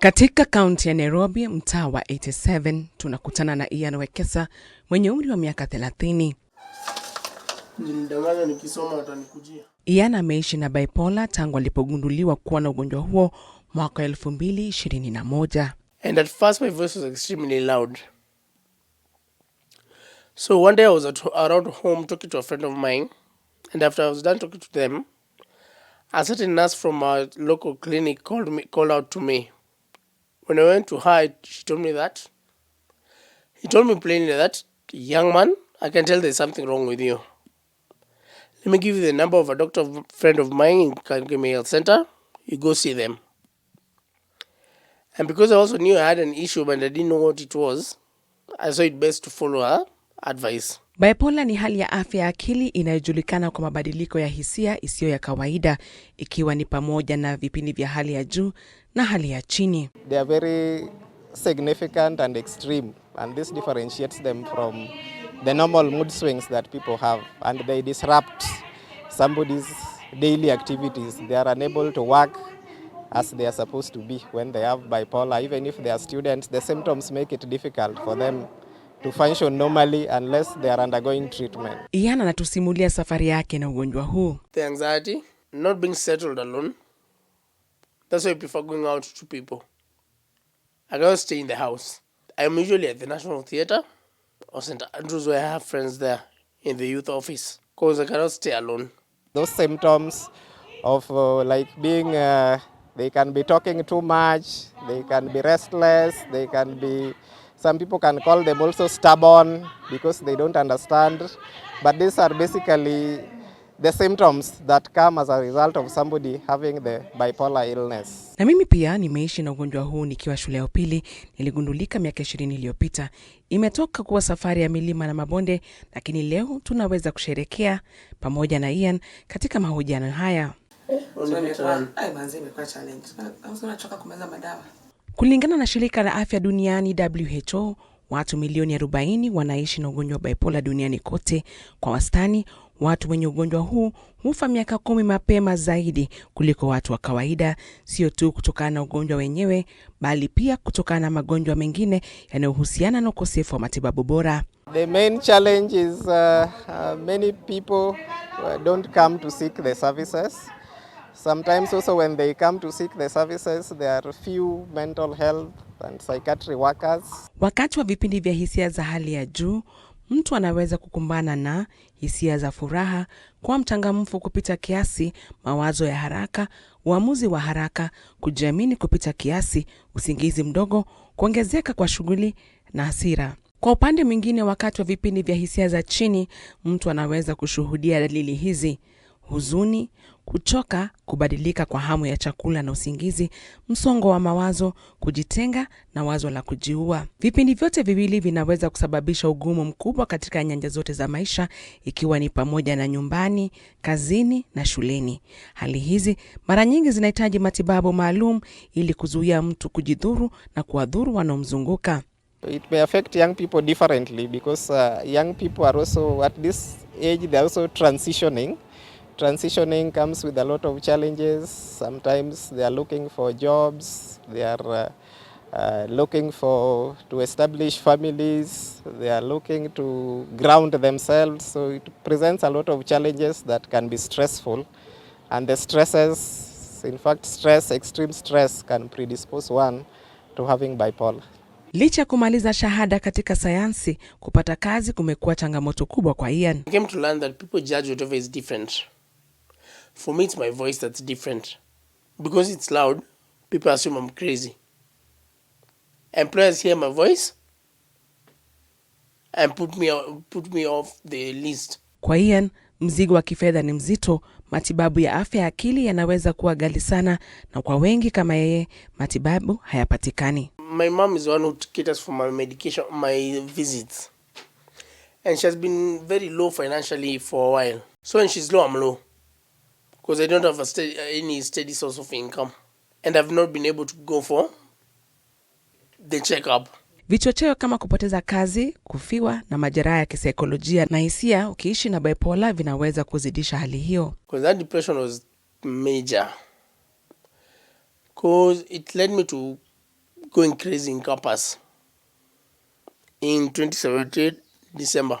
Katika kaunti ya Nairobi, mtaa wa 87 tunakutana na Ian Wekesa mwenye umri wa miaka 30. Nilidanganya nikisoma atanikujia. Ian ameishi na bipolar tangu alipogunduliwa kuwa na ugonjwa huo mwaka 2021. And at first my voice was extremely loud. So one day I was at, around home talking to a friend of mine and after I was done talking to them, a certain nurse from a local clinic called me, called out to me. When I went to her, she told me that. He told me plainly that, young man, I can tell there's something wrong with you. Let me give you the number of a doctor friend of mine in Kankime Health Center. You go see them. And because I also knew I had an issue but I didn't know what it was, I saw it best to follow her advice. Bipolar ni hali ya afya ya akili inayojulikana kwa mabadiliko ya hisia isiyo ya kawaida ikiwa ni pamoja na vipindi vya hali ya juu na hali ya chini. They are very significant and extreme and this differentiates them from the normal mood swings that people have and they disrupt somebody's daily activities. They are unable to work as they are supposed to be when they have bipolar even if they are students the symptoms make it difficult for them to function normally unless they are undergoing treatment. Ian anatusimulia safari yake na ugonjwa huu. The anxiety, not being settled alone. That's why I prefer going out to people. I can't stay in the house. I'm usually at the National Theatre or St. Andrews where I have friends there in the youth office because I cannot stay alone. Those symptoms of uh, like being uh, they can be talking too much, they can be restless, they can be Some people can call them also stubborn because they don't understand. But these are basically the symptoms that come as a result of somebody having the bipolar illness. Na mimi pia nimeishi na ugonjwa huu nikiwa shule ya upili, niligundulika miaka ishirini iliyopita. Imetoka kuwa safari ya milima na mabonde, lakini leo tunaweza kusherekea pamoja na Ian katika mahojiano haya. challenge. Kulingana na shirika la afya duniani WHO, watu milioni 40 wanaishi na ugonjwa bipola duniani kote. Kwa wastani, watu wenye ugonjwa huu hufa miaka kumi mapema zaidi kuliko watu wa kawaida, sio tu kutokana na ugonjwa wenyewe, bali pia kutokana na magonjwa mengine yanayohusiana na ukosefu wa matibabu bora. The main challenge is uh, uh, many people uh, don't come to seek the services Sometimes also when they come to seek the services, there are few mental health and psychiatry workers. Wakati wa vipindi vya hisia za hali ya juu, mtu anaweza kukumbana na hisia za furaha, kuwa mchangamfu kupita kiasi, mawazo ya haraka, uamuzi wa haraka, kujiamini kupita kiasi, usingizi mdogo, kuongezeka kwa shughuli na hasira. Kwa upande mwingine, wakati wa vipindi vya hisia za chini, mtu anaweza kushuhudia dalili hizi: huzuni, kuchoka, kubadilika kwa hamu ya chakula na usingizi, msongo wa mawazo, kujitenga na wazo la kujiua. Vipindi vyote viwili vinaweza kusababisha ugumu mkubwa katika nyanja zote za maisha, ikiwa ni pamoja na nyumbani, kazini na shuleni. Hali hizi mara nyingi zinahitaji matibabu maalum ili kuzuia mtu kujidhuru na kuwadhuru wanaomzunguka. It may affect young people differently because uh, young people are also at this age they are also transitioning transitioning comes with a lot of challenges. Sometimes they are looking for jobs, they are uh, uh, looking for to establish families, they are looking to ground themselves. So it presents a lot of challenges that can be stressful. And the stresses, in fact, stress, extreme stress can predispose one to having bipolar. Licha kumaliza shahada katika sayansi, kupata kazi kumekuwa changamoto kubwa kwa Ian. I came to learn that people judge whatever is different. For me, it's my voice that's different. Because it's loud, people assume I'm crazy. Employers hear my voice and put me, put me off the list. Kwa Ian, mzigo wa kifedha ni mzito. Matibabu ya afya ya akili yanaweza kuwa gali sana, na kwa wengi kama yeye, matibabu hayapatikani. My mom is one who caters for my medication, my visits. And she has been very low financially for a while. So when she's low, I'm low because I don't have a steady, uh, any steady source of income and I've not been able to go for the checkup. Vichocheo kama kupoteza kazi, kufiwa na majeraha ya kisaikolojia na hisia ukiishi na bipolar vinaweza kuzidisha hali hiyo. Because that depression was major. Because it led me to going crazy in campus in 2017 December.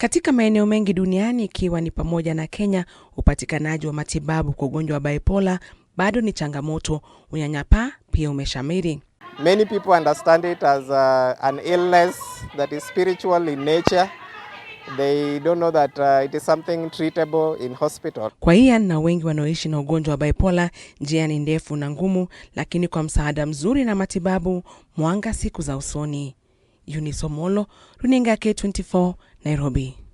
Katika maeneo mengi duniani ikiwa ni pamoja na Kenya, upatikanaji wa matibabu kwa ugonjwa wa bipola bado ni changamoto. Unyanyapaa pia umeshamiri. Many people understand it as a, uh, an illness that is spiritual in nature. They don't know that uh, it is something treatable in hospital. Kwa hiya na wengi wanaoishi na ugonjwa wa bipola njia ni ndefu na ngumu, lakini kwa msaada mzuri na matibabu, mwanga siku za usoni. Unisomolo, runinga K24, Nairobi.